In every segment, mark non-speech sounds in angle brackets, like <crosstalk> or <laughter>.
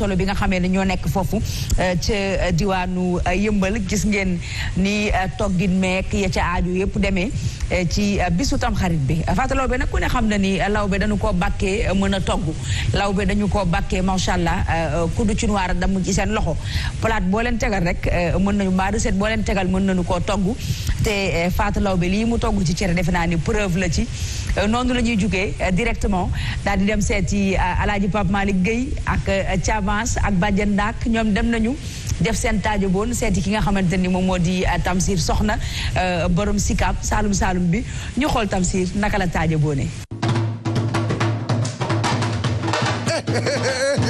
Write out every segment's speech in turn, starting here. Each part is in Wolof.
solo bi nga xamee ne nekk foofu euh, ca euh, diwaanu euh, yëmbal gis ngeen ni toggin meek ya ca aaju yëpp demee ci bisu tamxarit bi Fatou Laobé nag ko ne xam na ni law lawbe dañu ko bàkkee mën a togg lawbe dañu ko bàkkee macha allah kuddu ci noir damm ci seen loxo palaat boo leen tegal rek mën nañu mbaa set boo leen tegal mën nañu koo togg te Fatou Laobé lii mu togg ci cere defe naa ni preuve la ci noonu la ñuy jugee directement daal di dem seeti Alaaji Pape Malick Casamance ak Badiane Ndak ñoom dem nañu def seen taajo boon seeti ki nga xamante ni moom moo di euh, Tamsir Soxna euh, borom Sicap Saalum Saalum bi ñu xool Tamsir naka la taajo boone <laughs>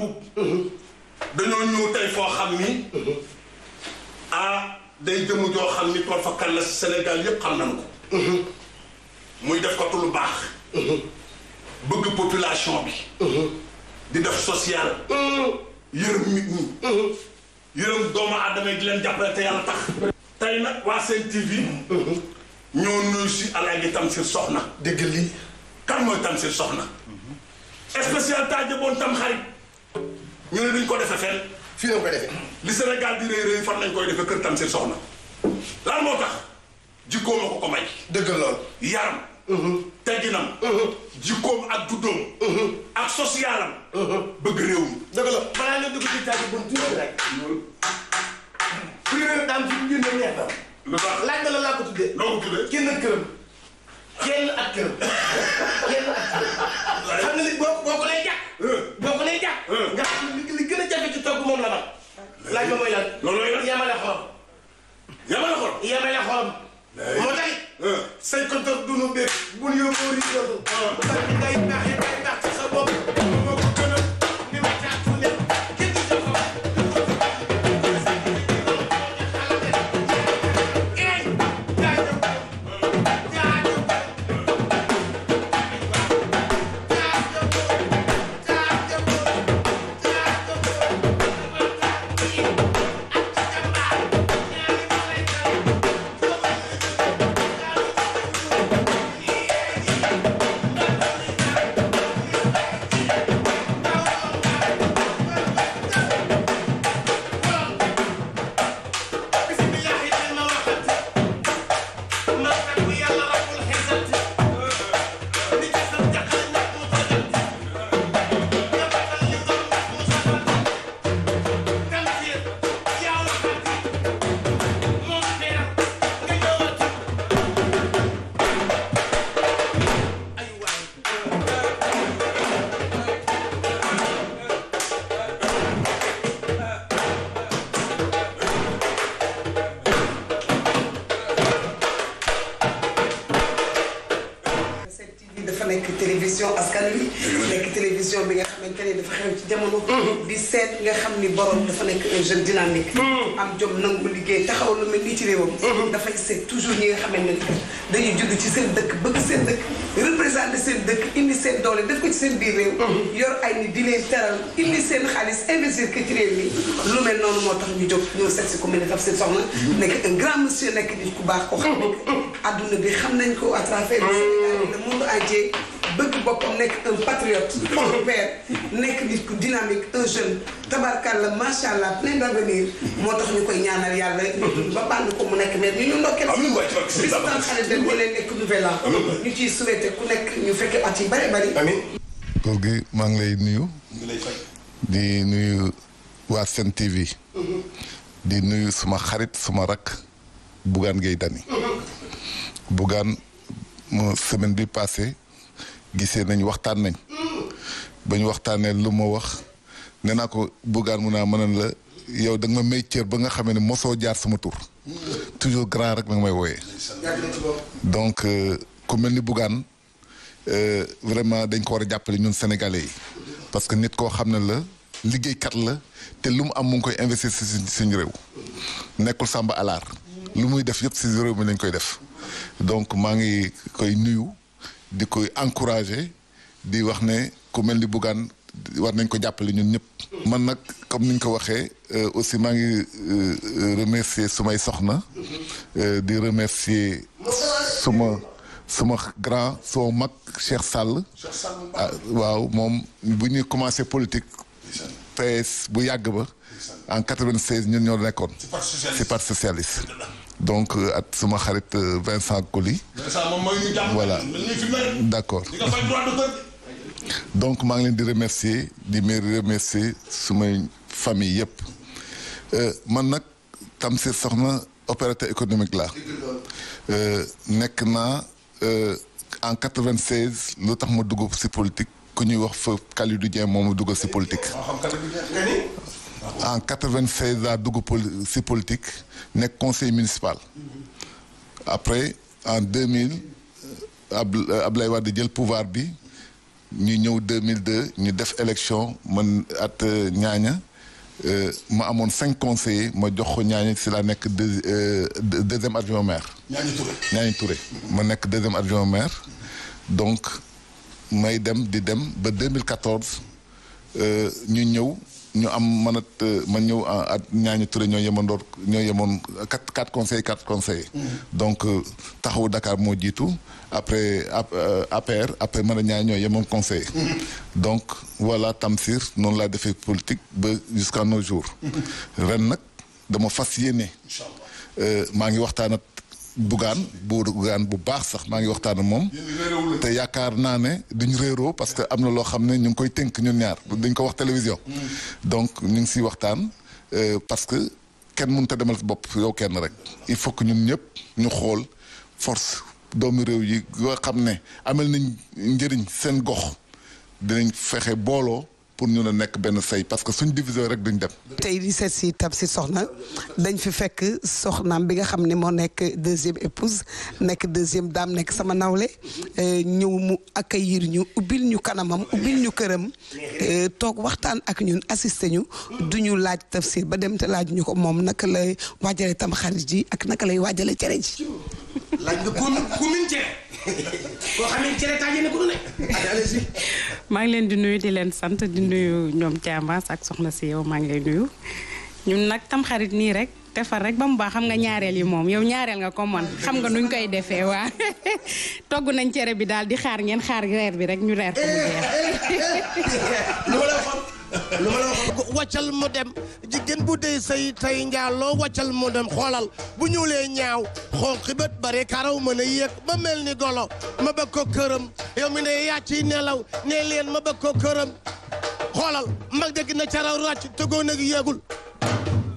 buub euh, dañoo ñëw tey foo xam ni ah day jëmu joo xam ni tool la Sénégal yëpp xam nañ ko muy def ko tu lu baax bëgg population bi di def social yërëm nit yërëm doomu aadama di leen jàppale te yàlla tax tey nag waa Sen TV ñoo nuyu si Alaaji Tamsir Soxna dégg lii kan mooy Tamsir Soxna spécial taje tam xarit ñu ne duñ ko defe fenn fii lañ ko defee li Sénégal di rëy rëy fan lañ koy defee kër Tamsir Soxna lan moo tax jikkoom a ko ko may. dëgg lool yaram. Mm-hmm. tegginam. Mm-hmm. jikkoom ak juddoom. Mm-hmm. ak socialam. bëgg réew mi. dëgg la balaa nga dugg ci tàgg bon tuuti rek. première dame ci biir la laa ko tuddee. noo ko tuddee. kenn ak kenn ak këram. dunu bég bu ñu yóbboo riiral bu takk day naxi day naxi nekk télévision askan wi télévision bi nga xamante ne dafa xew ci jamono mm-hmm. di seet nga xam ni borom dafa nekk un jeune dynamique mm-hmm. am jom nangu liggéey taxaw lu mel nii ci réewam mm-hmm. dafay seet toujours ñi nga xamante ne dañuy judd ci seen dëkk bëgg seen dëkk représenté seen dëkk indi seen doole def ko ci seen biir réew yor ay ni di leen teral indi seen xaalis investir ko ci réew mi lu mel noonu moo tax ñu jóg ñëw seet si ko mel ne daf seen soxna nekk un grand monsieur nekk nit ku bi xam nañ ko bëgg boppam nekk un <laughs> nekk nit ku dynamique un jeune allah plein d' avenir. moo tax ñu koy ñaanal yàlla. ba bànd ko mu nekk maire ñu ñu ndokkeel. amiin waay waay si nekk nouvel ñu ciy souhaité ku nekk ñu fekkee at yi bari bari. amiin. gi maa ngi lay nuyu. di nuyu waa Sen TV. Mhm. di nuyu suma xarit suma rakk. Bougane Gueye Dany. Mhm. Bougane mu semaine bi passé gisee nañ waxtaan nañ ba ñu waxtaanee lu ma wax nee naa ko buggaan mu naa ah, mënan la yow da nga ma may cër ba nga xamee ne mosoo jaar sama tur toujours grand rek na nga may wooyee donc euh, ku mel ni buggaan euh, vraiment dañ ko war a jàppale ñun sénégalais yi parce que nit koo xam ne la liggéeykat la te lu mu am mu ngi koy investir si suñu réew nekkul Samba Alaar lu muy def yëpp si réew mi lañ koy def donc maa ngi koy nuyu di koy encourager di wax ne ku mel ni Bougane war nañ ko jàppale ñun ñëpp. man nag comme niñ ko waxee euh, aussi maa ngi euh, remercier sumay soxna euh, di remercier suma suma grand suma mag Cheikh Sall. Ah, waaw moom bu ñuy commencé politique. PS bu yàgg ba. en 96 ñun ñoo nekkoon. ci parti socialiste. donc euh, ak suma xarit euh, Vincent Colli. voilà d'accord donc maa ngi leen di remercier di may remercier sumay famille yëpp euh, man nag Tamsir soxna opérateur économique la nekk naa en 96 lu tax ma dugg si politique ku ñuy wax fa Kalidou Dieng moom mu dugg si politique. en 96 laa dugg si politique nekk conseil municipal après en 2000 euh, ab euh, Ablaye di jël pouvoir bi ñu ñëw 2002 ñu def élection man at ñaaña euh, ma amoon cinq conseillers ma jox ko ñaaña si laa nekk deuxième adjoint maire. ñaaña Touré ma nekk deuxième adjoint maire donc may dem di dem ba 2014 ñu ñëw. ñu am man a euh, man ñëw at ñaañu Touré ñoo yemandoor ñoo yemoon quatre quatre conseils quatre conseils. Mm-hmm. donc euh, taxawu dakaar moo jiitu après APR euh, après man a ñaa ñoo yemoon conseil. Mm-hmm. donc voilà Tamsir noonu laa defee politique ba jusqu'à nos jours. Mm-hmm. ren nag dama fas yéene. maa ngi waxtaana Bougane bu Bougane bu baax sax maa ngi waxtaan moom. te yaakaar naa ne duñ réeroo parce que am na loo xam ne ñu ngi koy tënk ñun ñaar mm. dañ ko wax télévision. Mm. donc ñu ngi siy waxtaan euh, parce que kenn mënut a demal bopp yow kenn rek. il faut que ñun ñëpp ñu xool force doomu réew yi nga xam ne amal nañ njëriñ seen gox dinañ fexe booloo. pour ñu ne nekk benn say parce que suñ diviser rek duñ dem. tey di seet si tab si soxna dañ fi fekk soxnaam bi nga xam ne moo nekk deuxième épouse nekk deuxième dame nekk sama nawle eh, ñëw mu accueillir ñu ubbil ñu kanamam ubbil ñu këram eh, toog waxtaan ak ñun assister ñu duñu laaj tafsir ba dem te laaj ñu ko moom naka la waajale tam xarit ji ak naka lay waajale cere ji. laaj nga cere koo xam cere tàjje na ko maa ngi leen di nuyu di leen sant di nuyu ñoom Thiambaas ak soxna si yow maa ngi lay nuyu ñun nag tam xarit nii rek defar rek ba mu baax xam nga ñaareel yi moom yow ñaareel nga ko man xam nga nuñ koy defee waa <laughs> togg nañ cere bi daal di xaar ngeen xaar reer bi rek ñu reer ko mu jeex <laughs> lu ma la wax waccal mu dem jigéen bu dee say tay njaaloo waccal mu dem xoolal bu ñuulee ñaaw xonq bët bare karaw mën a yéeg ba mel ni golo ma bëgg ko këram yow mi ne yaa nelaw ne leen ma bëgg ko këram xoolal mag dégg na caraw ràcc tëggoon ak yéegul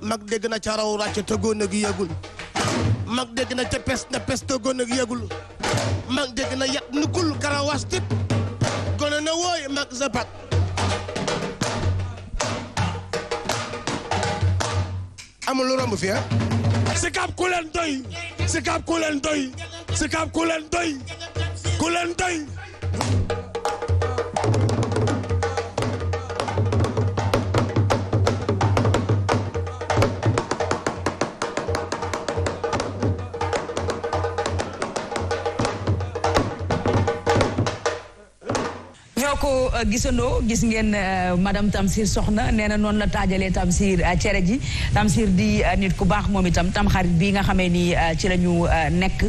mag dégg na caraw ràcc tëggoon gi yéegul mag dégg na ca pes na pes tëggoon ak yéegul na yat na wooy mag zapat amul lu romb fi ah. Sicap ku leen doy. Sicap ku leen doy. Sicap ku leen doy. ku leen doy. ñoo ko euh, gisandoo gis ngeen euh, madame Tamsir Soxna nee na noonu la taajalee Tamsir euh, cere ji Tamsir di nit ku baax moom itam tam xarit bi nga xamee ni ci la ñu nekk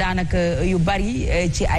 daanaka yu bari ci ay